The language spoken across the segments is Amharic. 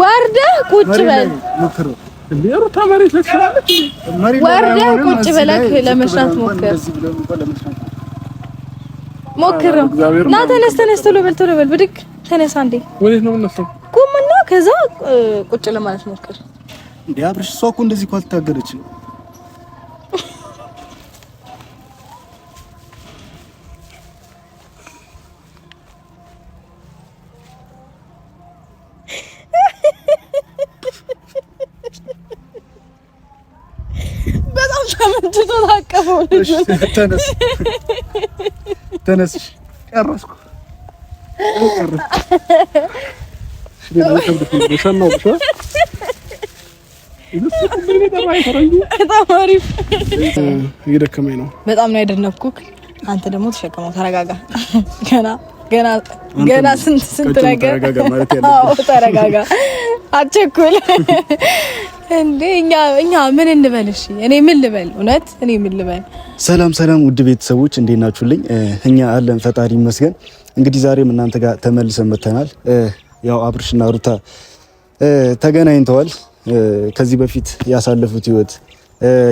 ወርደህ ቁጭ በል ወርደህ ቁጭ ብለህ ለመስራት ሞክር ሞክር። ና ተነስ፣ ተነስ፣ ቶሎ በል ቶሎ በል ብድግ ተነሳ። እንዴ ወዴት ነው የምነሳው? ቁምና ከዛ ቁጭ ለማለት ሞክር። እንዴ አብርሽ፣ እሷ እኮ እንደዚህ እኮ አልታገለችም ተነስ። ጨረስኩ። እየደከመኝ ነው። በጣም ነው አንተ ደግሞ ተሸከመው። ተረጋጋ። ገና ገና ገና ስንት ስንት ነገር። ተረጋጋ፣ አትቸኩል። እንዴ እኛ እኛ ምን እኔ ምን ልበል? እውነት እኔ ምን ልበል? ሰላም ሰላም፣ ውድ ቤተሰቦች እንዴት ናችሁልኝ? እኛ አለን ፈጣሪ ይመስገን። እንግዲህ ዛሬም እናንተ ጋር ተመልሰን መተናል። ያው አብርሽና ሩታ ተገናኝተዋል። ከዚህ በፊት ያሳለፉት ህይወት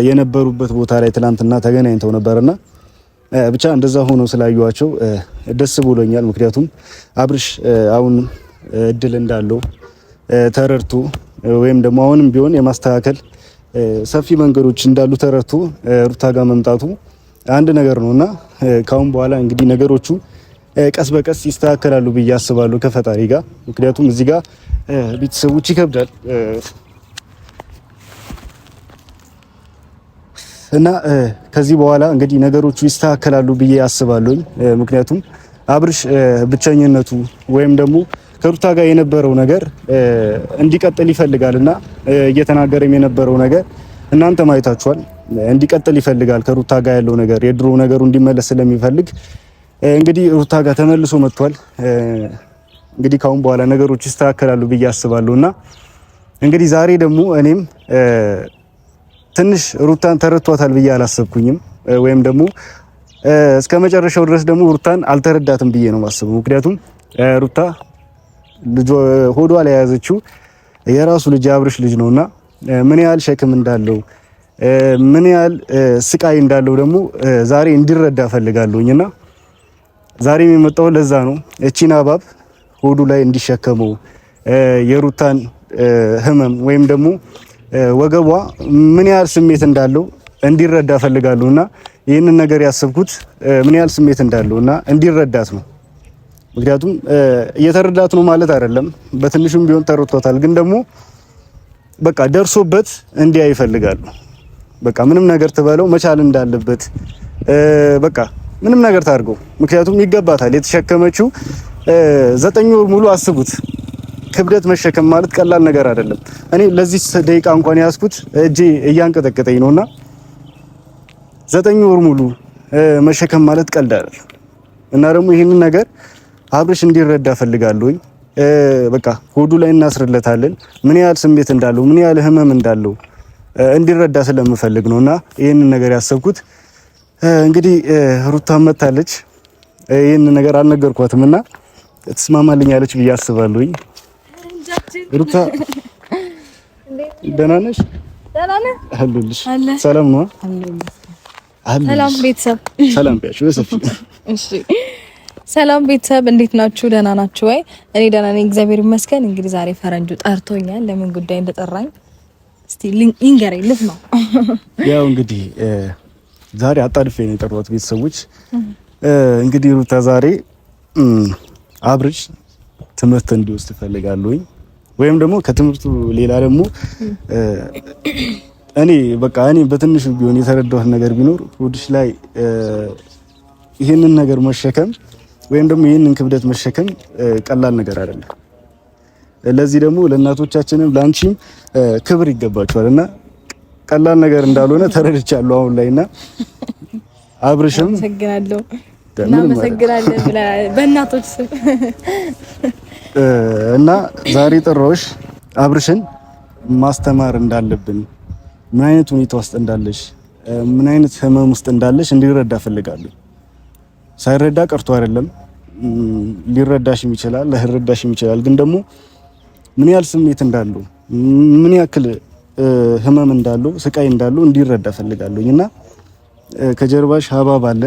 የነበሩበት ቦታ ላይ ትናንትና ተገናኝተው ነበርና ብቻ እንደዛ ሆኖ ስላዩዋቸው ደስ ብሎኛል። ምክንያቱም አብርሽ አሁን እድል እንዳለው ተረድቶ ወይም ደግሞ አሁንም ቢሆን የማስተካከል ሰፊ መንገዶች እንዳሉ ተረድቶ ሩታ ጋር መምጣቱ አንድ ነገር ነው እና ካሁን በኋላ እንግዲህ ነገሮቹ ቀስ በቀስ ይስተካከላሉ ብዬ አስባለሁ ከፈጣሪ ጋር። ምክንያቱም እዚህ ጋር ቤተሰቦች ይከብዳል እና ከዚህ በኋላ እንግዲህ ነገሮቹ ይስተካከላሉ ብዬ አስባለሁኝ። ምክንያቱም አብርሽ ብቸኝነቱ ወይም ደግሞ ከሩታ ጋር የነበረው ነገር እንዲቀጥል እና እየተናገረም የነበረው ነገር እናንተ ማየታችኋል። እንዲቀጥል ይፈልጋል ከሩታ ጋር ያለው ነገር የድሮ ነገሩ እንዲመለስ ስለሚፈልግ እንግዲህ ሩታ ጋር ተመልሶ መጥቷል። እንግዲህ ካሁን በኋላ ነገሮች ይስተካከላሉ ብዬ እና እንግዲህ ዛሬ ደግሞ እኔም ትንሽ ሩታን ተረድቷታል ብዬ አላሰብኩኝም ወይም ደግሞ እስከ መጨረሻው ድረስ ደግሞ ሩታን አልተረዳትም ብዬ ነው ማስበው። ምክንያቱም ሩታ ሆዷ ላይ የያዘችው የራሱ ልጅ አብርሽ ልጅ ነውና ምን ያህል ሸክም እንዳለው ምን ያህል ስቃይ እንዳለው ደግሞ ዛሬ እንዲረዳ ፈልጋለሁኝና ዛሬ የሚመጣው ለዛ ነው። እቺን አባብ ሆዱ ላይ እንዲሸከመው የሩታን ህመም ወይም ደግሞ ወገቧ ምን ያህል ስሜት እንዳለው እንዲረዳ ፈልጋለሁና ይህንን ነገር ያሰብኩት ምን ያህል ስሜት እና እንዲረዳት ነው። ምክንያቱም እየተረዳት ነው ማለት አይደለም። በትንሹም ቢሆን ተረድቷታል። ግን ደግሞ በቃ ደርሶበት እንዲያ ይፈልጋሉ። በቃ ምንም ነገር ትበለው መቻል እንዳለበት በቃ ምንም ነገር ታድርገው። ምክንያቱም ይገባታል። የተሸከመችው ዘጠኝ ወር ሙሉ አስቡት። ክብደት መሸከም ማለት ቀላል ነገር አይደለም። እኔ ለዚህ ደቂቃ እንኳን ያስኩት እጄ እያንቀጠቀጠኝ ነውና ዘጠኝ ወር ሙሉ መሸከም ማለት ቀልድ አይደለም እና ደግሞ ይህንን ነገር አብርሽ እንዲረዳ ፈልጋለሁኝ። በቃ ሆዱ ላይ እናስርለታለን ምን ያህል ስሜት እንዳለው ምን ያህል ህመም እንዳለው እንዲረዳ ስለምፈልግ ነው እና ይህንን ነገር ያሰብኩት እንግዲህ ሩታ መታለች። ይህንን ነገር አልነገርኳትም እና ትስማማልኛለች ብዬ አስባለሁኝ። ሩታ ደህና ነሽ? ሰላም ነው? ሰላም ቤተሰብ ሰላም። እሺ ሰላም ቤተሰብ እንዴት ናችሁ? ደህና ናችሁ ወይ? እኔ ደህና ነኝ እግዚአብሔር ይመስገን። እንግዲህ ዛሬ ፈረንጁ ጠርቶኛል። ለምን ጉዳይ እንደጠራኝ እስቲ ይንገረኝ። ልፍ ነው ያው እንግዲህ ዛሬ አጣድፌ ነው የጠሯት ቤተሰቦች። እንግዲህ ሩታ ዛሬ አብርሽ ትምህርት እንዲወስድ እፈልጋለሁኝ ወይም ደግሞ ከትምህርቱ ሌላ ደግሞ እኔ በቃ እኔ በትንሹ ቢሆን የተረዳሁት ነገር ቢኖር ሆድሽ ላይ ይሄንን ነገር መሸከም ወይም ደግሞ ይህንን ክብደት መሸከም ቀላል ነገር አይደለም። ለዚህ ደግሞ ለእናቶቻችንም ለአንቺም ክብር ይገባቸዋል እና ቀላል ነገር እንዳልሆነ ተረድቻለሁ አሁን ላይ እና አብርሽም በእናቶች ስም እና ዛሬ ጥሮሽ አብርሽን ማስተማር እንዳለብን ምን አይነት ሁኔታ ውስጥ እንዳለሽ ምን አይነት ህመም ውስጥ እንዳለሽ እንዲረዳ ፈልጋለሁ። ሳይረዳ ቀርቶ አይደለም፣ ሊረዳሽም ይችላል፣ ላይረዳሽም ይችላል። ግን ደግሞ ምን ያህል ስሜት እንዳለው ምን ያክል ህመም እንዳለው ስቃይ እንዳለው እንዲረዳ ፈልጋለሁኝ እና ከጀርባሽ ሀባብ አለ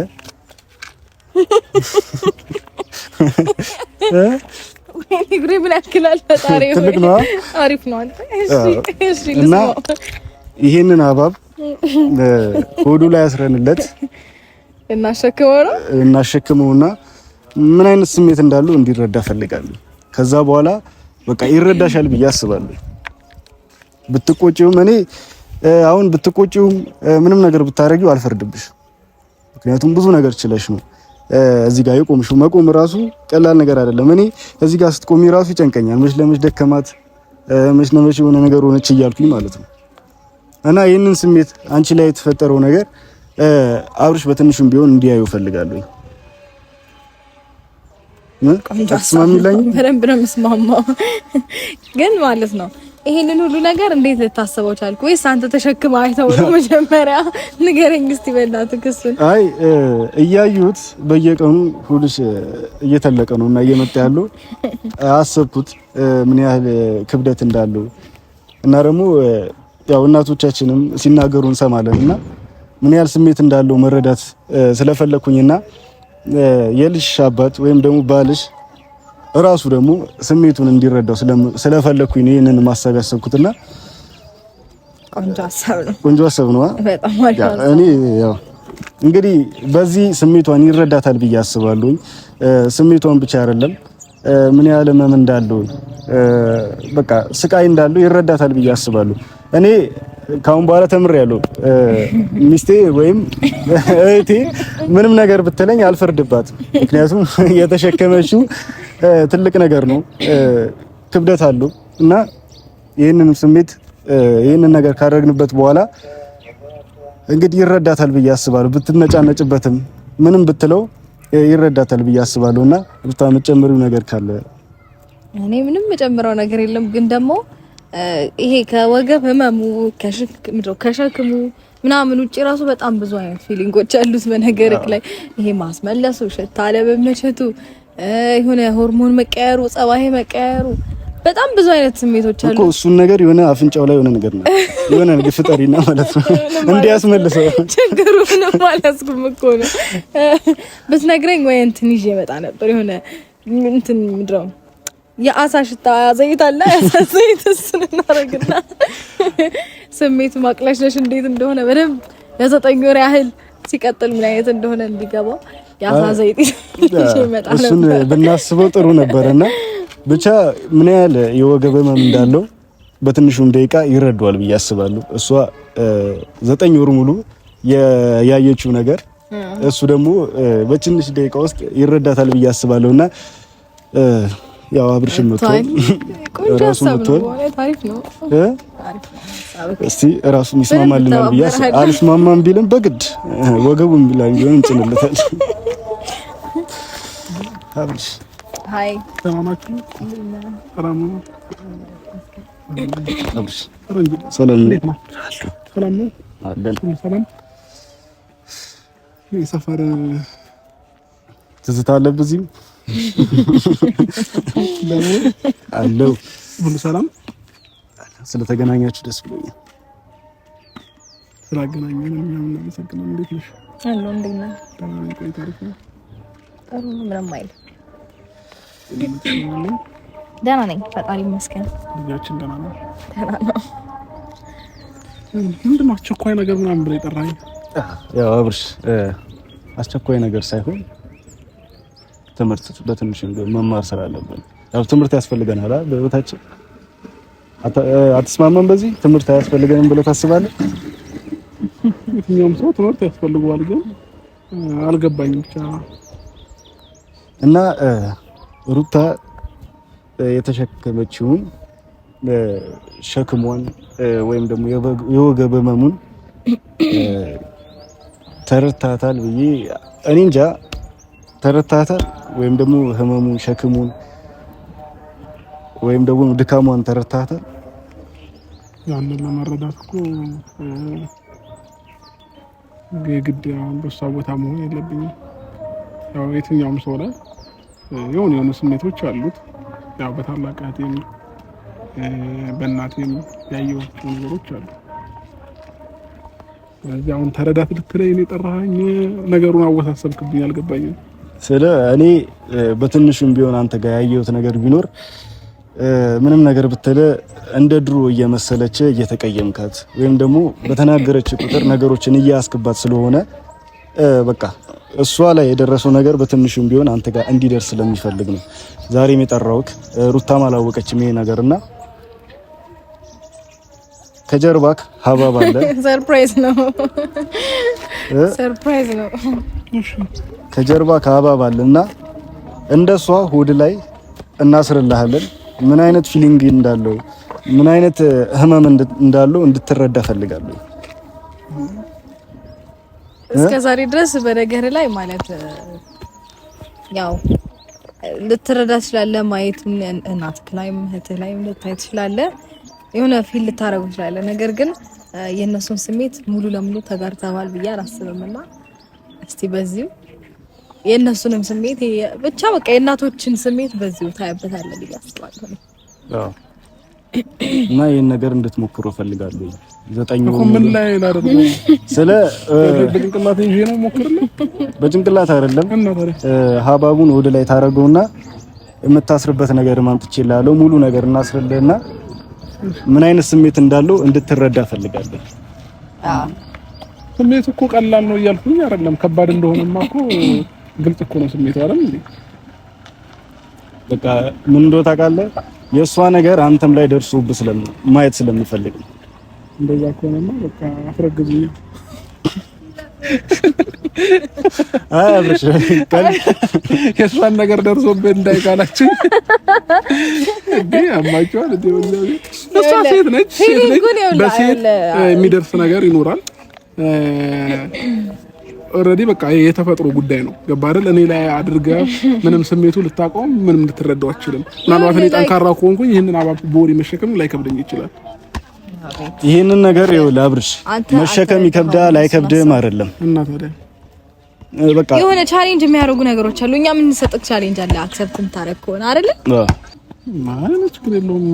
እና ይሄንን ሀባብ ሆዱ ላይ አስረንለት እናሸክመውና ምን አይነት ስሜት እንዳለው እንዲረዳ ፈልጋለሁ። ከዛ በኋላ በቃ ይረዳሻል ብዬ አስባለሁ። ብትቆጪውም እኔ አሁን ብትቆጪውም ምንም ነገር ብታረጊው አልፈርድብሽ። ምክንያቱም ብዙ ነገር ችለሽ ነው እዚህ ጋር የቆምሽው። መቆም ራሱ ቀላል ነገር አይደለም። እኔ እዚህ ጋር ስትቆሚ ራሱ ይጨንቀኛል። መች ለመች ደከማት፣ መች ለመች የሆነ ነገር ሆነች እያልኩኝ ማለት ነው። እና ይህንን ስሜት አንቺ ላይ የተፈጠረው ነገር አብርሽ በትንሹም ቢሆን እንዲያዩ እፈልጋለሁ። በደንብ ነው የምስማማው፣ ግን ማለት ነው ይሄንን ሁሉ ነገር እንዴት ልታስበው ቻልክ? ወይስ አንተ ተሸክማ አይተው ነው? መጀመሪያ ንገረኝ እስቲ በእናትህ ክሱን። አይ እያዩት በየቀኑ ሁሉስ እየተለቀ ነው እና እየመጣ ያለው አሰብኩት ምን ያህል ክብደት እንዳለው እና ደግሞ ያው እናቶቻችንም ሲናገሩ እንሰማለን እና ምን ያህል ስሜት እንዳለው መረዳት ስለፈለኩኝና የልጅሽ አባት ወይም ደግሞ ባልሽ እራሱ ደግሞ ስሜቱን እንዲረዳው ስለፈለኩኝ ነው ይህንን ማሰብ ያሰብኩትና ቆንጆ ሀሳብ ነው። ቆንጆ እኔ ያው እንግዲህ በዚህ ስሜቷን ይረዳታል ብዬ አስባለሁኝ። ስሜቷን ብቻ አይደለም ምን ያህል ህመም እንዳለው በቃ ስቃይ እንዳለው ይረዳታል ብዬ አስባለሁ እኔ ከአሁን በኋላ ተምሬያለሁ። ሚስቴ ወይም እህቴ ምንም ነገር ብትለኝ አልፈርድባት ምክንያቱም የተሸከመችው ትልቅ ነገር ነው፣ ክብደት አለው እና ይህንን ስሜት ይህንን ነገር ካደረግንበት በኋላ እንግዲህ ይረዳታል ብዬ አስባለሁ። ብትነጫነጭበትም ምንም ብትለው ይረዳታል ብዬ አስባለሁ እና ብታ የምትጨምሪው ነገር ካለ እኔ ምንም የምጨምረው ነገር የለም ግን ደግሞ ይሄ ከወገብ ህመሙ ከሸክሙ ምናምን ውጭ ራሱ በጣም ብዙ አይነት ፊሊንጎች አሉት። በነገርክ ላይ ይሄ ማስመለሱ፣ ሽታ አለመመቸቱ፣ የሆነ ሆርሞን መቀየሩ፣ ጸባይ መቀየሩ በጣም ብዙ አይነት ስሜቶች አሉ እሱን ነገር የሆነ አፍንጫው ላይ የሆነ ነገር ነው የሆነ ነገር ማለት ነው እንዲያስመልሰው። ችግሩ ምንም አላስኩም እኮ ነው። ብትነግረኝ ወይ እንትን ይዤ እመጣ ነበር የሆነ እንትን ምድረው የአሳ ሽታ ዘይት አለ። የአሳ ዘይት እሱን እናደርግና ስሜት ማቅለሽለሽ እንዴት እንደሆነ በደንብ ለዘጠኝ ወር ያህል ሲቀጥል ምን አይነት እንደሆነ እንዲገባው የአሳ ዘይት ይመጣል። እሱን ብናስበው ጥሩ ነበርና ብቻ ምን ያህል የወገብ ህመም እንዳለው በትንሹም ደቂቃ ይረዳዋል ብዬ አስባለሁ። እሷ ዘጠኝ ወር ሙሉ ያየችው ነገር እሱ ደግሞ በትንሽ ደቂቃ ውስጥ ይረዳታል ብዬ እና። ያው አብርሽ መጥቷል። ራሱ መጥቷል። እስቲ ራሱ ይስማማልናል ብዬ አልስማማም ቢልም በግድ ወገቡን ቢላኝ ቢሆን እንጭንለታል። አብርሽ ሃይ ተማማችሁ ሰላም ነው። አብርሽ ሰላም ነው። ሰላም ነው ሰላም የሰፈር ትዝታ አለብህ እዚህም አለው ሁሉ ሰላም። ስለተገናኛችሁ ደስ ብሎኛል። ስላገናኘን ምናምን አመሰግናለሁ። እንዴት ነሽ? አለሁ። እንዴት ነህ? ደህና ነኝ። ቆይ ታሪክ ነው ጥሩ ነው። ምንም አይልም። ደህና ነኝ፣ ፈጣሪ ይመስገን። ልጃችን ደህና ነው። ደህና ነው። ምንድን ነው አስቸኳይ ነገር ምናምን ብለህ የጠራኸኝ? ያው አብርሽ፣ አስቸኳይ ነገር ሳይሆን ትምህርት በትንሽ መማር ስራ ስላለብን ያው ትምህርት ያስፈልገናል አይደል? በህይወታችን አትስማማም? በዚህ ትምህርት አያስፈልገንም ብለህ ታስባለህ? የትኛውም ሰው ትምህርት ያስፈልገዋል። ግን አልገባኝም ብቻ እና ሩታ የተሸከመችውን ሸክሟን ወይም ደግሞ የወገብ ህመሙን ተረድታታል ብዬ እኔ እንጃ ተረታተ ወይም ደግሞ ህመሙ ሸክሙን ወይም ደግሞ ድካሟን ተረታተ። ያንን ለመረዳት እኮ የግድ በሷ ቦታ መሆን የለብኝም። ያው የትኛውም ሰው ላይ የሆኑ የሆኑ ስሜቶች አሉት። ያው በታላቅ እህቴም በእናቴም ያየኋቸው ነገሮች አሉ። ስለዚህ አሁን ተረዳት ልክ ላይ ነገሩን አወሳሰብክብኝ፣ አልገባኝም። ስለ እኔ በትንሹም ቢሆን አንተ ጋር ያየሁት ነገር ቢኖር ምንም ነገር ብትለ እንደ ድሮ እየመሰለች እየተቀየምካት ወይም ደግሞ በተናገረች ቁጥር ነገሮችን እያያስክባት ስለሆነ በቃ እሷ ላይ የደረሰው ነገር በትንሹም ቢሆን አንተ ጋር እንዲደርስ ስለሚፈልግ ነው ዛሬም የጠራሁት። ሩታም አላወቀችም ይሄ ነገርና ከጀርባክ ሀባብ አለ። ሰርፕራይዝ ነው፣ ሰርፕራይዝ ነው። ከጀርባ ከአባባል እና እንደሷ ሆድ ላይ እናስርልሃለን። ምን አይነት ፊሊንግ እንዳለው ምን አይነት ህመም እንዳለው እንድትረዳ ፈልጋለሁ። እስከ ዛሬ ድረስ በነገር ላይ ማለት ያው ልትረዳ ትችላለህ። ማየት እናትህ ላይም እህትህ ላይም ልታይ ትችላለህ። የሆነ ፊል ልታረጉ ትችላለህ። ነገር ግን የእነሱን ስሜት ሙሉ ለሙሉ ተጋርተዋል ብዬ አላስብምና እስቲ በዚሁ የእነሱንም ስሜት ብቻ በቃ የእናቶችን ስሜት በዚሁ ታያበታለ ብዬ አስባለሁ። እና ይህን ነገር እንድትሞክሩ ፈልጋሉ። ዘጠኝ ምን ላይ ስለ በጭንቅላት ይዤ ነው በጭንቅላት አይደለም ሀባቡን ወደ ላይ ታደርገውና የምታስርበት ነገር ማምጥቼ ላለው ሙሉ ነገር እናስርልህና ምን አይነት ስሜት እንዳለው እንድትረዳ ፈልጋለ ስሜት እኮ ቀላል ነው እያልኩኝ አይደለም፣ ከባድ እንደሆነማ እኮ ግልጽ እኮ ነው ስሜቱ አይደል እንዴ? በቃ ምን እንደው ታውቃለህ፣ የእሷ ነገር አንተም ላይ ደርሶብህ ስለም ማየት ስለምፈልግ እንደዛ ከሆነማ በቃ አስረግዝኝ። አይ አብርሽ የእሷን ነገር ደርሶብህ እንዳይቃላችሁ እንዴ አማቸዋል እንዴ ወላሂ እሷ ሴት ነች። ሴት ነች። በሴት የሚደርስ ነገር ይኖራል። ኦልሬዲ በቃ የተፈጥሮ ጉዳይ ነው። ገባ አይደል? እኔ ላይ አድርገ ምንም ስሜቱ ልታቆም ምንም ልትረዳው አችልም። ምናልባት እኔ ጠንካራ ከሆንኩኝ ይህንን አባ ቦሪ መሸከም ላይከብደኝ ይችላል። ይህንን ነገር ይኸው ላብርሽ መሸከም ይከብዳ ላይከብድም አይደለም እና ታዲያ በቃ የሆነ ቻሌንጅ የሚያደርጉ ነገሮች አሉ። እኛ የምንሰጥህ ቻሌንጅ አለ። አክሰፕት እንታረግ ከሆነ አይደለ? ችግር የለውም።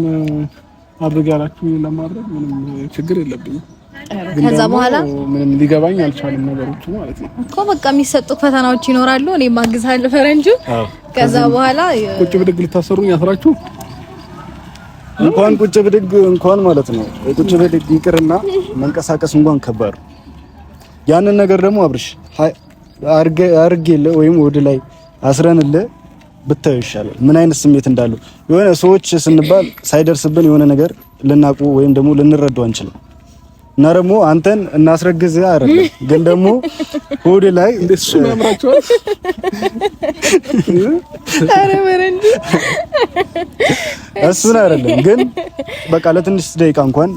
አድርግ ያላችሁ ለማድረግ ምንም ችግር የለብኝም። ከዛ በኋላ ምንም ሊገባኝ አልቻለም ነገሮቹ ማለት ነው እኮ በቃ የሚሰጡ ፈተናዎች ይኖራሉ። እኔ ማግዛል ፈረንጁ። ከዛ በኋላ ቁጭ ብድግ ልታሰሩኝ ያስራችሁ እንኳን ቁጭ ብድግ እንኳን ማለት ነው ቁጭ ብድግ ይቅርና መንቀሳቀስ እንኳን ከባድ ያንን ነገር ደግሞ አብርሽ አርገ ወይም ወደ ላይ አስረንልህ ብታዩ ይሻላል። ምን አይነት ስሜት እንዳለው የሆነ ሰዎች ስንባል ሳይደርስብን የሆነ ነገር ልናቁ ወይም ደግሞ ልንረዱ አንችልም። እና ደግሞ አንተን እናስረግዝ አይደለም፣ ግን ደግሞ ሆድ ላይ እሱ ያምራቸዋል። እሱን አይደለም፣ ግን በቃ ለትንሽ ደቂቃ እንኳን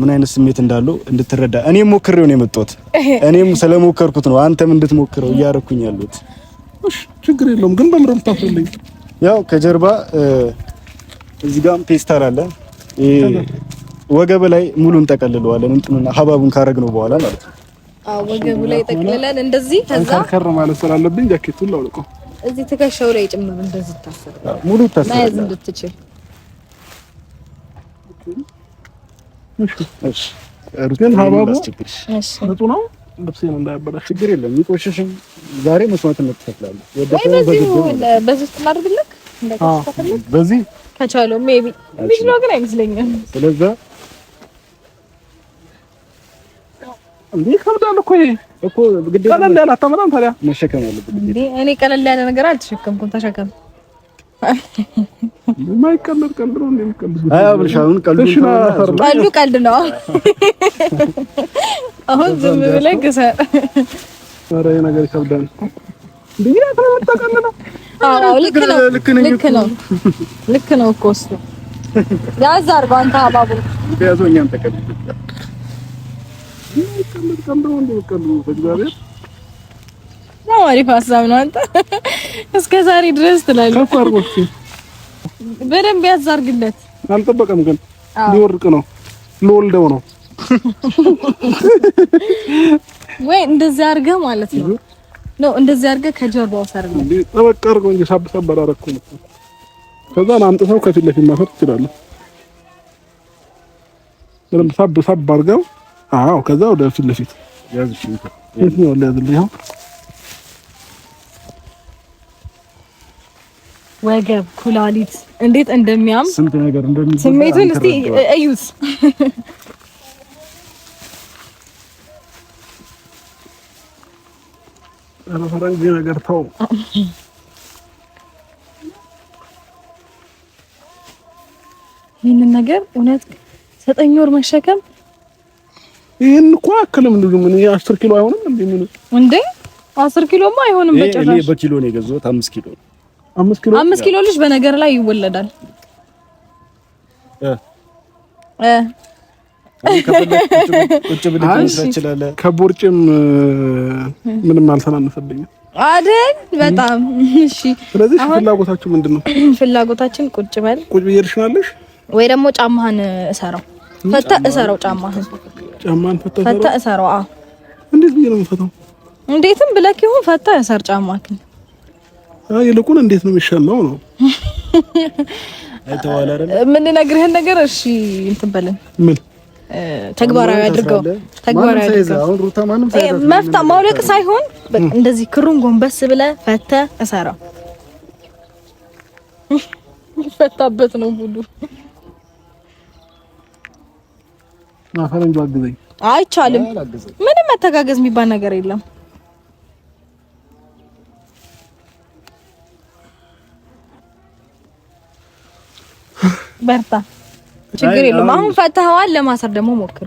ምን አይነት ስሜት እንዳለው እንድትረዳ እኔም ሞክሬው ነው የመጣሁት። እኔም ስለሞከርኩት ነው አንተም እንድትሞክረው እያደረኩኝ ያሉት። ችግር የለውም ግን በምረም ታፈልኝ። ያው ከጀርባ እዚህ ጋርም ፔስታል አለ ወገብ ላይ ሙሉ እንጠቀልለዋለን። እንጥኑና ሀባቡን ካረግ ነው በኋላ ማለት ነው። አዎ ወገቡ ላይ ጠቅልለን እንደዚህ። ከዛ ከር ማለት ስላለብኝ ጃኬቱን ላውልቆ እዚህ ትከሻው ላይ ጭምር እንደዚህ ይታሰራል። ሙሉ ይታሰራል ማለት እንድትችል። እሺ እሺ፣ ግን ሀባቡ ንጹህ ነው። ልብሴን እንዳያበላሽ ችግር የለም። የሚቆሽሽም ዛሬ መስዋዕትነት ትከፍላለህ። ወይ በዚህ በዚህ ትማርብልክ እንደዚህ ከቻለው ሜቢ የሚችለው ግን አይመስለኝም ስለዚህ እንዴ ከብዳል እኮ ይሄ እኮ ግዴታ ቀለል ያለ አታመጣም። ታዲያ መሸከም አለብህ እንዴ? እኔ ቀለል ያለ ነገር አልተሸከምኩም። ተሸከም። የማይቀለድ ቀልድ ነው። ቀልዱ ቀልድ ነው። አሁን ዝም ብለህ ግሰር። ኧረ ይሄ ነገር ይከብዳል። ልክ ነው፣ ልክ ነው እኮ እሱ ያዝ አድርገው አንተ አባቡ ነው አሪፍ ሀሳብ ነው። አንተ እስከ ዛሬ ድረስ ትላለህ። በደንብ ያዛርግለት። አልጠበቀም ግን ሊወርቅ ነው ልወልደው ነው ወይ? እንደዚህ አድርገህ ማለት ነው ነው እንደዚህ አድርገህ ከጀርባው ሰር ነው ጠበቅ አድርገው እንጂ ሳብ ሳብ አላደረኩም ነው። ከዛ አምጥተው ከፊት ለፊት ማሰር ትችላለህ። ሳብ ሳብ አድርገው አዎ፣ ከዛ ወደ ፊት ለፊት ወገብ፣ ኩላሊት እንዴት እንደሚያም ስንት ነገር እንደሚያም ስሜቱን እስቲ እዩት። ፈረንጅ ነገር ተው። ይህንን ነገር እውነት ዘጠኝ ወር መሸከም ይሄን እኮ አክልም እንዴ? ምን 10 ኪሎ አይሆንም እንዴ? ምን እንዴ አስር ኪሎማ አይሆንም በጭራሽ። እኔ በኪሎ ነው የገዛሁት፣ 5 ኪሎ 5 ኪሎ 5 ኪሎ ልጅ በነገር ላይ ይወለዳል። ከቦርጭም ምንም አልተናነሰብኝም አይደል? በጣም እሺ። ስለዚህ ፍላጎታችሁ ምንድን ነው? ፍላጎታችን ቁጭ በል ቁጭ ብዬ ወይ ደግሞ ጫማህን እሰራው ፈታ እሰረው፣ ጫማህን ፈታ እሰረው። አዎ እንዴት ነው የምፈታው? እንዴትም ብለክ ይሁን ፈታ እሰር ጫማህን። አይ ይልቁን እንዴት ነው የሚሻለው ነው ምን ነገር እሺ፣ እንትን በለን ምን ተግባራዊ አድርገው ተግባራዊ መፍታ ማውለቅ ሳይሆን እንደዚህ ክሩን ጎንበስ ብለ ፈተ እሰራው። ነው ሁሉ አይቻልም። ምንም መተጋገዝ የሚባል ነገር የለም። በርታ፣ ችግር የለም። አሁን ፈተኸዋል። ለማሰር ደግሞ ሞክር።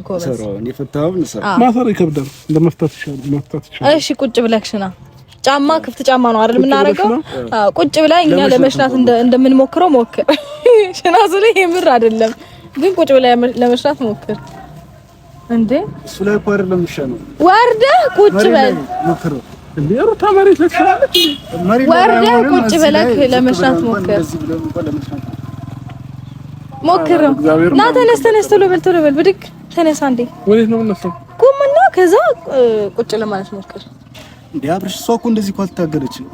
ማሰር ይከብዳል። ለመፍታት ይሻላል። እሺ፣ ቁጭ ብለሽ ና። ጫማ ክፍት ጫማ ነው አይደል የምናደርገው? ቁጭ ብላ እኛ ለመሽናት እንደምንሞክረው ሞክር። ሽናዙ ላይ የምር አይደለም ግን ቁጭ ብላ ለመሽናት ሞክር። እንዴ እሱ ላይ እኮ አይደለም የሚሻለው፣ ወርደህ ቁጭ በል ሞክር። እንዴ ሩታ መሬት ላይ ወርደህ ቁጭ በለክ ለመሽናት ሞክር ሞክር። ና ተነስ፣ ተነስ፣ ቶሎ በል ቶሎ በል ብድግ፣ ተነስ። አንዴ ወዴት ነው የምነሳው? ቁም ከዛ ቁጭ ለማለት ሞክር። እንዴ አብርሽ፣ እሷ እኮ እንደዚህ እኮ አልታገለችም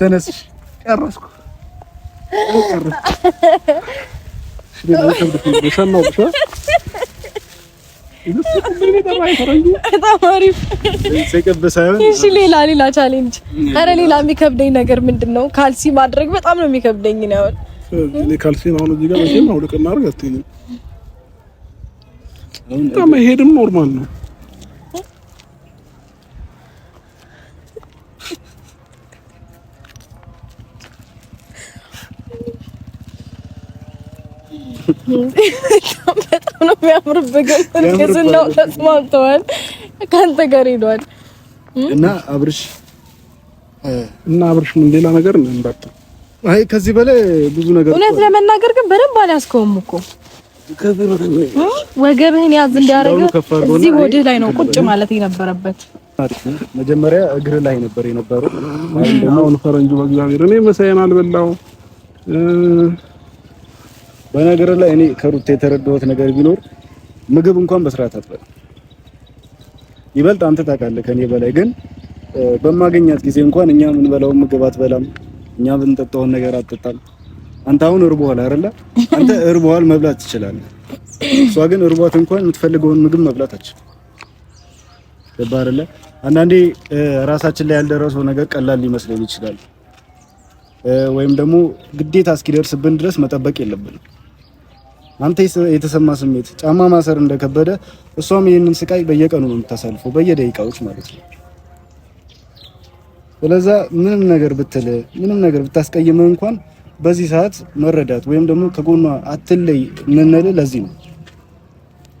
ተነስ ሌላ ሌላ ቻሌንጅ። ኧረ ሌላ የሚከብደኝ ነገር ምንድን ነው? ካልሲ ማድረግ በጣም ነው የሚከብደኝ። ነውን ካልሲ አሁን እዚህ ጋር መቼም አውልቅና አድርግ አትይኝም። ኖርማል ነው። በጣም ነው የሚያምርብህ። እርግዝናው ተስማምተዋል፣ ከአንተ ጋር ሄዷል። እና አብርሽ እና አብርሽ ምን ሌላ ነገር እንዳትል። አይ ከዚህ በላይ ብዙ ነገር እውነት ለመናገር ግን በደንብ አልያዝከውም እኮ ወገብህን ያዝ እንዲያደርገህ እዚህ ወድህ ላይ ነው ቁጭ ማለት የነበረበት። መጀመሪያ እግር ላይ ነበር የነበረው። አሁን ፈረንጁ በእግዚአብሔር እኔ መሳይን አልበላው በነገር ላይ እኔ ከሩታ የተረዳሁት ነገር ቢኖር ምግብ እንኳን በስርዓት አጥበል ይበልጥ አንተ ታውቃለህ ከኔ በላይ ግን በማገኛት ጊዜ እንኳን እኛ የምንበላውን ምግብ አትበላም፣ እኛ ብንጠጣውን ነገር አትጠጣም። አንተ አሁን እርቦሃል አይደለ? አንተ እርቦሃል መብላት ትችላለህ። እሷ ግን እርቧት እንኳን የምትፈልገውን ምግብ መብላት አትችልም። ገባህ አይደለ? አንዳንዴ ራሳችን ላይ ያልደረሰው ነገር ቀላል ሊመስለን ይችላል። ወይም ደግሞ ግዴታ እስኪደርስብን ድረስ መጠበቅ የለብንም። አንተ የተሰማ ስሜት ጫማ ማሰር እንደከበደ እሷም ይህንን ስቃይ በየቀኑ ነው የምታሳልፈው፣ በየደቂቃዎች ማለት ነው። ስለዛ ምንም ነገር ብትል ምንም ነገር ብታስቀይምህ እንኳን በዚህ ሰዓት መረዳት ወይም ደግሞ ከጎኗ አትለይ የምንልህ ለዚህ ነው።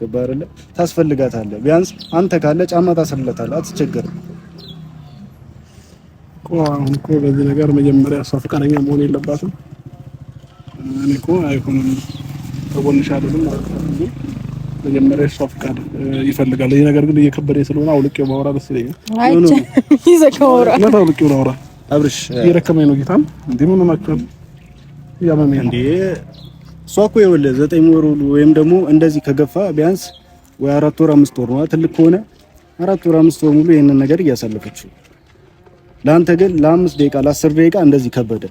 ገባህ አይደለ? ታስፈልጋታለህ። ቢያንስ አንተ ካለ ጫማ ታስርለታለህ፣ አትቸገርም። አሁን እኮ በዚህ ነገር መጀመሪያ እሷ ፈቃደኛ መሆን የለባትም። እኔ እኮ አይሆንም አይደለም ማለት ነው። መጀመሪያ እሷ ፍቃድ ይፈልጋል። ይሄ ነገር ግን እየከበደ ስለሆነ አውልቄው ማውራ ደስ ይለኛል። አውልቄው ላውራ አብርሽ እየደከመኝ ነው። ጌታም እንዴ ምን ሆናችኋል? እያመመኝ እንዴ እሷ እኮ ይኸውልህ ዘጠኝ ወር ወይም ደግሞ እንደዚህ ከገፋ ቢያንስ ወይ አራት ወር አምስት ወር ነው ትልቅ ከሆነ አራት ወር አምስት ወር ሙሉ ይህንን ነገር እያሳለፈችው ለአንተ ግን ለአምስት ደቂቃ ለአስር ደቂቃ እንደዚህ ከበደ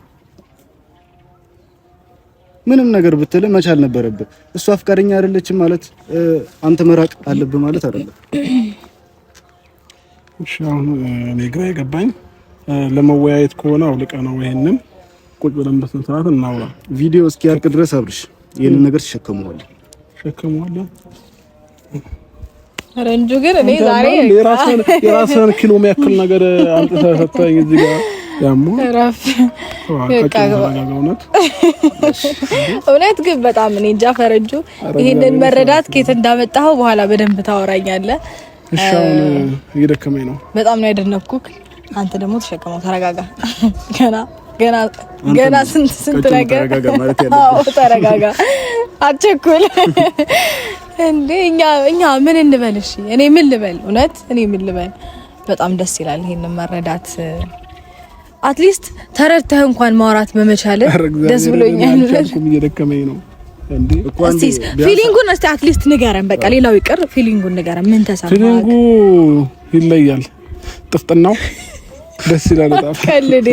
ምንም ነገር ብትል መቻል ነበረብህ። እሱ ፈቃደኛ አይደለችም ማለት አንተ መራቅ አለብህ ማለት አይደለም። እሺ አሁን እኔ ግራ የገባኝ ለመወያየት ከሆነ አውልቀ ነው። ይሄንን ቁጭ ብለን በስንት ሰዓት እናውራ። ቪዲዮ እስኪያልቅ ድረስ አብርሽ ይሄንን ነገር ትሸከመዋለህ፣ ትሸከመዋለህ። ኧረ እንጂ ግን እኔ ዛሬ የራስህን ኪሎ የሚያክል ነገር አንተ ሰጠኝ እዚህ ጋር ያሞ እውነት ግን በጣም እኔ እንጃ ፈረጁ ይህንን መረዳት ከየት እንዳመጣኸው በኋላ በደንብ ታወራኛለህ። እየደከመኝ ነው። በጣም ነው ያደነኩክ። አንተ ደግሞ ተሸከመው፣ ተረጋጋ። ገና ገና ገና ስንት ስንት ነገር ተረጋጋ፣ አትቸኩል። እንዴ እኛ እኛ ምን እንበልሽ? እኔ ምን ልበል? እውነት እኔ ምን ልበል? በጣም ደስ ይላል ይህንን መረዳት አትሊስት ተረድተህ እንኳን ማውራት በመቻለ ደስ ብሎኛል። እየደከመኝ ነው። ፊሊንጉን እስቲ አትሊስት ንገረን። በቃ ሌላው ይቅር፣ ፊሊንጉን ንገረን። ምን ተሰማ? ፊሊንጉ ይለያል። ጥፍጥናው ደስ ይላል። በጣም ከልድ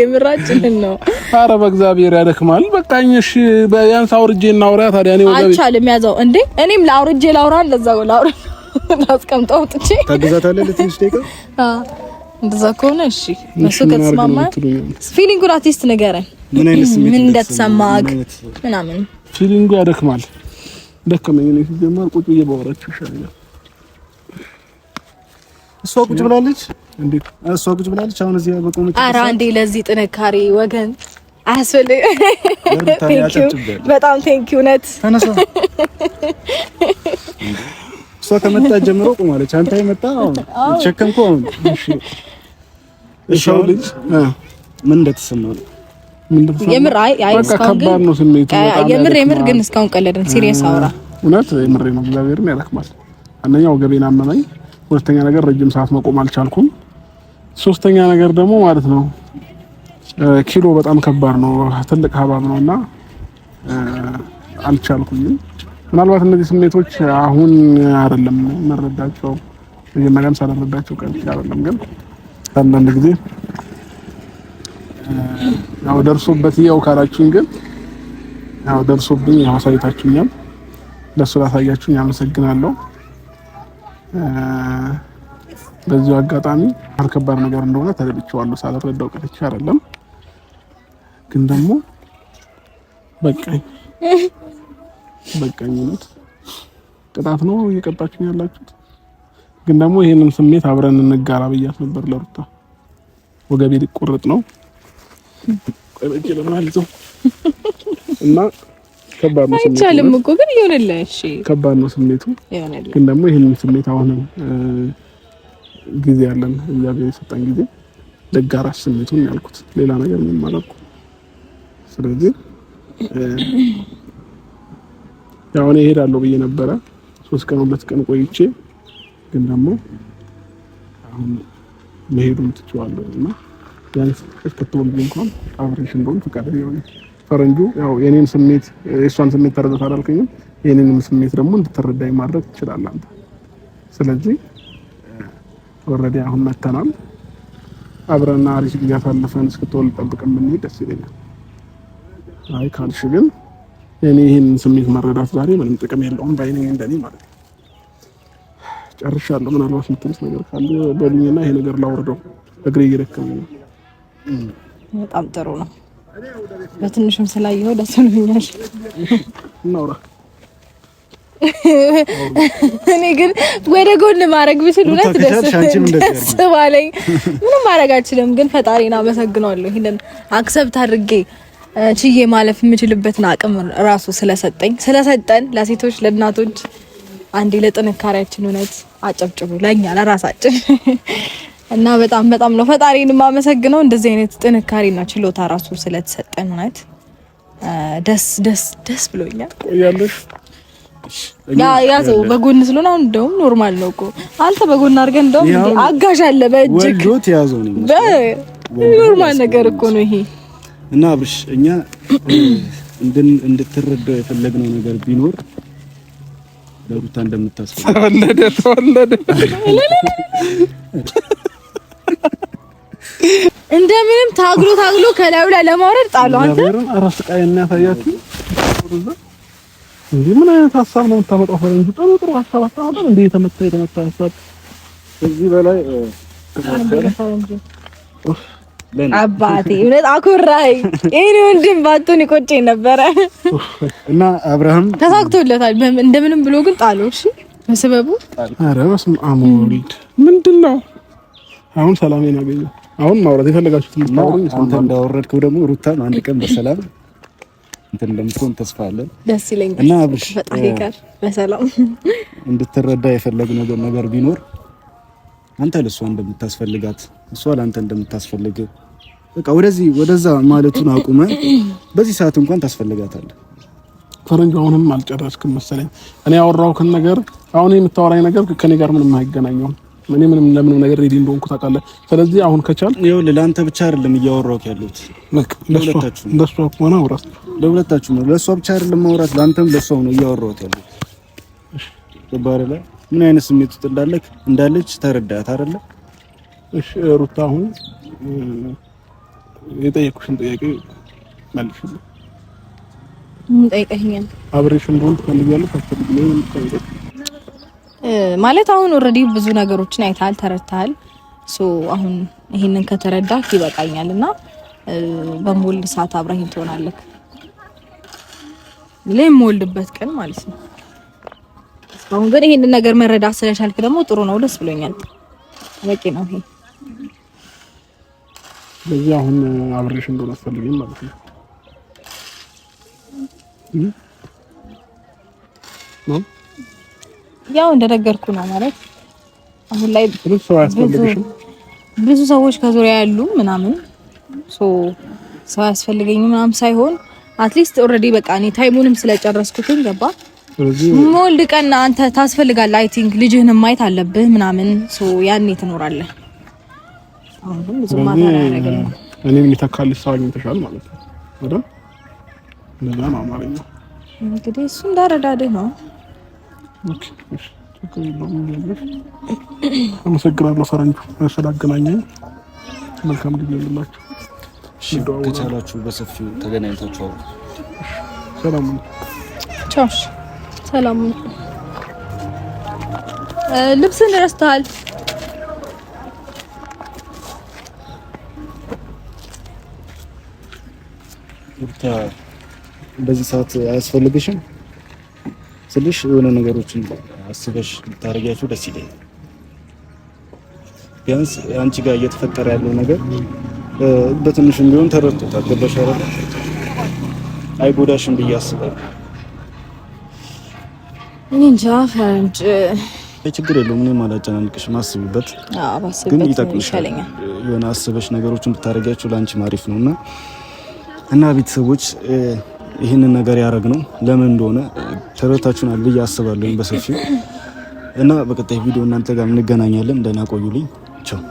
ነው። አረ በእግዚአብሔር ያደክማል። በቃ እሺ፣ ቢያንስ አውርጄ እናውራ ታዲያ። እኔ ወደ አልቻልም ያዘው እንዴ። እኔም ለአውርጄ ላውራ ለዛው ላውራ ላስቀምጠው ጥቼ ታግዛታለህ ለትንሽ ደቂቃ እንደዛ ከሆነ እሺ፣ እሱ ከተስማማ ፊሊንጉን አርቲስት ንገረን፣ ምን አይነት ስሜት እንደተሰማህ ምናምን። ፊሊንጉ ያደክማል፣ ደከመኝ ነው ሲጀመር። ቁጭ ብዬ ባወራችሁ ይሻለኛል። እሷ ቁጭ ብላለች እንዴ? እሷ ቁጭ ብላለች። አሁን እዚህ በቆመች። ኧረ አንዴ ለዚህ ጥንካሬ ወገን አያስፈልግም። በጣም ቴንኪው ነት ከመጣ ጀምሮ ቁማለች። አንተ የመጣ አሁን ልጅ ምን እንደተሰማው የምር አይ ምን እንደተሰማ ነው የምር የምር ግን እስካሁን ቀለደን። ሲሪየስ አውራ እውነት ነው። እግዚአብሔርን ያረክማል። አንደኛ ወገቤን አመመኝ፣ ሁለተኛ ነገር ረጅም ሰዓት መቆም አልቻልኩም፣ ሶስተኛ ነገር ደግሞ ማለት ነው ኪሎ በጣም ከባድ ነው፣ ትልቅ ሀባብ ነውና አልቻልኩኝም። ምናልባት እነዚህ ስሜቶች አሁን አይደለም መረዳቸው፣ መጀመሪያም ሳልረዳቸው ቀርቼ አይደለም። ግን አንዳንድ ጊዜ ያው ደርሶበት ያው ካላችሁኝ ግን ያው ደርሶብኝ ያው አሳይታችሁኛል። ላሳያችሁኝ አመሰግናለሁ። በዚሁ አጋጣሚ አልከባድ ነገር እንደሆነ ተረድቼዋለሁ። ሳልረዳው ቀርቼ አይደለም። ግን ደግሞ በቃኝ በቃኝነት ቅጣት ነው እየቀጣችሁኝ ያላችሁት። ግን ደግሞ ይሄንን ስሜት አብረን እንጋራ ብያት ነበር ለሩታ። ወገቤ ሊቆረጥ ነው እና ከባድ ነው ስሜቱ። አይቻልም እኮ ግን ይሆንልህ። እሺ ከባድ ነው ስሜቱ። ግን ደግሞ ይሄንን ስሜት አሁንም ጊዜ ያለን እግዚአብሔር የሰጠን ጊዜ ለጋራሽ ስሜቱን ያልኩት ሌላ ነገር ምንም አላልኩም። ስለዚህ ያው እኔ እሄዳለሁ ብዬ ነበረ ሶስት ቀን ሁለት ቀን ቆይቼ ግን ደግሞ አሁን መሄዱን ትችዋለሁ እና ቢያንስ እስክትወልጂ እንኳን አብሬሽ እንደሆን ፈቃደኛ ሆነ። ፈረንጁ ያው የኔን ስሜት የእሷን ስሜት ተረዳት አላልከኝም? የኔንም ስሜት ደግሞ እንድትረዳኝ ማድረግ ትችላለህ አንተ። ስለዚህ ወረዴ አሁን መተናል። አብረና አሪፍ ጊዜ አሳልፈን እስክትወልድ ጠብቀን ብንሄድ ደስ ይለኛል። አይ ካልሽ ግን እኔ ይህን ስሜት መረዳት ዛሬ ምንም ጥቅም የለውም ባይኔ እንደኔ ማለት ነው። ጨርሻለሁ። ምናልባት የምትሉት ነገር ካለ በሉኝና ይሄ ነገር ላውርደው፣ እግሬ እየደከመኝ ነው። በጣም ጥሩ ነው። በትንሹም ስላየኸው ደስ ብሎኛል። እናውራ። እኔ ግን ወደ ጎን ማድረግ ብችል እውነት ደስ ባለኝ። ምንም ማድረግ አልችልም፣ ግን ፈጣሪን አመሰግናለሁ። ይሄንን አክሰብት አድርጌ ችዬ ማለፍ የምችልበትን አቅም ራሱ ስለሰጠኝ ስለሰጠን ለሴቶች ለእናቶች አንዴ ለጥንካሬያችን እውነት አጨብጭቡ፣ ለእኛ ለራሳችን እና በጣም በጣም ነው ፈጣሪን የማመሰግነው። እንደዚህ አይነት ጥንካሬና ችሎታ ራሱ ስለተሰጠን እውነት ደስ ደስ ደስ ብሎኛል። በጎን ስለሆነ አሁን እንደውም ኖርማል ነው እኮ አንተ በጎን አድርገን እንደውም አጋዥ አለ በእጅግ ኖርማል ነገር እኮ ነው ይሄ። እና አብርሽ እኛ እንድን እንድትረዳው የፈለግነው ነገር ቢኖር ለሩታ እንደምታስብ ተወለደ ተወለደ እንደምንም ታግሎ ታግሎ ከላዩ ላይ ለማውረድ ጣሉ። አንተ አራስ ቃይ እና ታያችሁ እንዴ! ምን አይነት ሀሳብ ነው የምታመጣው? ፈረንጁ ጥሩ ጥሩ ሀሳብ አታመጣ እንዴ! የተመታ የተመታ ሀሳብ እዚህ በላይ አባቴ እውነት አኩራይ ይሄን ወንድም ባቱን ይቆጭ ነበረ እና አብርሃም ተሳክቶለታል። እንደምንም ብሎ ግን ጣሎ እሺ በሰበቡ ኧረ በስመ አብ ወልድ ምንድን ነው አሁን ሰላም አገኘሁ። አሁን ማውራት የፈለጋችሁት ምታወሩኝ። አንተ እንዳወረድከው ደግሞ ሩታ አንድ ቀን በሰላም እንትን እንደምትሆን ተስፋ አለን። ደስ ይለኛል። እና አብርሽ ፈጣሪ ጋር በሰላም እንድትረዳ የፈለግነው ነገር ቢኖር አንተ ለሷ እንደምታስፈልጋት እሷ ለአንተ እንደምታስፈልግ በቃ ወደዚህ ወደዛ ማለቱን አቁመ በዚህ ሰዓት እንኳን ታስፈልጋታለህ። ፈረንጅ አሁንም አልጨረስክም መሰለኝ። እኔ ያወራሁትን ነገር አሁን የምታወራኝ ነገር ከኔ ጋር ምንም አይገናኘውም። እኔ ምንም ለምንም ነገር ሬዲ እንደሆንኩ ታውቃለህ። ስለዚህ አሁን ከቻል ይኸውልህ፣ ለአንተ ብቻ አይደለም እያወራሁት ያለሁት ለእሷ ከሆነ አውራት፣ ለሁለታችሁ ነው። ለእሷ ብቻ አይደለም ማውራት፣ ለአንተም ለእሷም ነው እያወራሁት ያለሁት። ምን አይነት ስሜት ውስጥ እንዳለች ተረዳት አይደለም እሺ ሩታ፣ አሁን የጠየኩሽን ጥያቄ መልሽልኝ። ምን ጠይቀሽኛል? አብሬሽ እንደሆን ትፈልጊያለሽ? ማለት አሁን ኦልሬዲ ብዙ ነገሮችን አይተሃል፣ ተረድተሃል። ሶ አሁን ይሄንን ከተረዳህ ይበቃኛል እና በምወልድ ሰዓት አብረኸኝ ትሆናለህ። የምወልድበት ቀን ማለት ነው። አሁን ግን ይሄንን ነገር መረዳት ስለቻልክ ደግሞ ጥሩ ነው፣ ደስ ብሎኛል። በቂ ነው ይሄ። ስለዚህ አሁን አብሬሽ እንደሆነ አስፈልገኝ ማለት ነው። ያው እንደነገርኩ ነው ማለት አሁን ላይ ብዙ ሰዎች ከዙሪያ ያሉ ምናምን ሰው አያስፈልገኝም ምናምን ሳይሆን አትሊስት ኦልሬዲ በቃ እኔ ታይሙንም ስለጨረስኩትን ገባ ሞልድ ቀን አንተ ታስፈልጋለህ። አይ ቲንክ ልጅህንም ማየት አለብህ ምናምን ሶ ያኔ ትኖራለህ እኔም የተካልሽ ሰው አግኝተሻል ማለት ነው አይደል? እንደዛ ነው እንግዲህ እሱ እንዳረዳድህ ነው። አመሰግናለሁ ፈረንጁ መልካም ጊዜ ይሁንላችሁ። ከቻላችሁ በሰፊው ተገናኝታችሁ አውሩ። ሰላም ሰላም። ልብስን ረስተሃል። በዚህ ሰዓት አያስፈልግሽም ስልሽ የሆነ ነገሮችን አስበሽ ልታደርጊያቸው ደስ ይለኛል። ቢያንስ አንቺ ጋር እየተፈጠረ ያለው ነገር በትንሽም ቢሆን ተረድቶታል። ገባሽ አይደል? አይጎዳሽም ብዬ አስባለሁ። እኔ እንጃ ፈረንጅ ችግር የለውም። እኔም አላጨናንቅሽም። አስቢበት፣ ግን ይጠቅምሻል። የሆነ አስበሽ ነገሮችን ብታደርጊያቸው ለአንቺ ማሪፍ ነው እና እና ቤተሰቦች ይህንን ነገር ያደረግ ነው ለምን እንደሆነ ተረታችሁናል ብዬ አስባለሁ በሰፊው እና በቀጣይ ቪዲዮ እናንተ ጋር እንገናኛለን። ደህና ቆዩልኝ። ቻው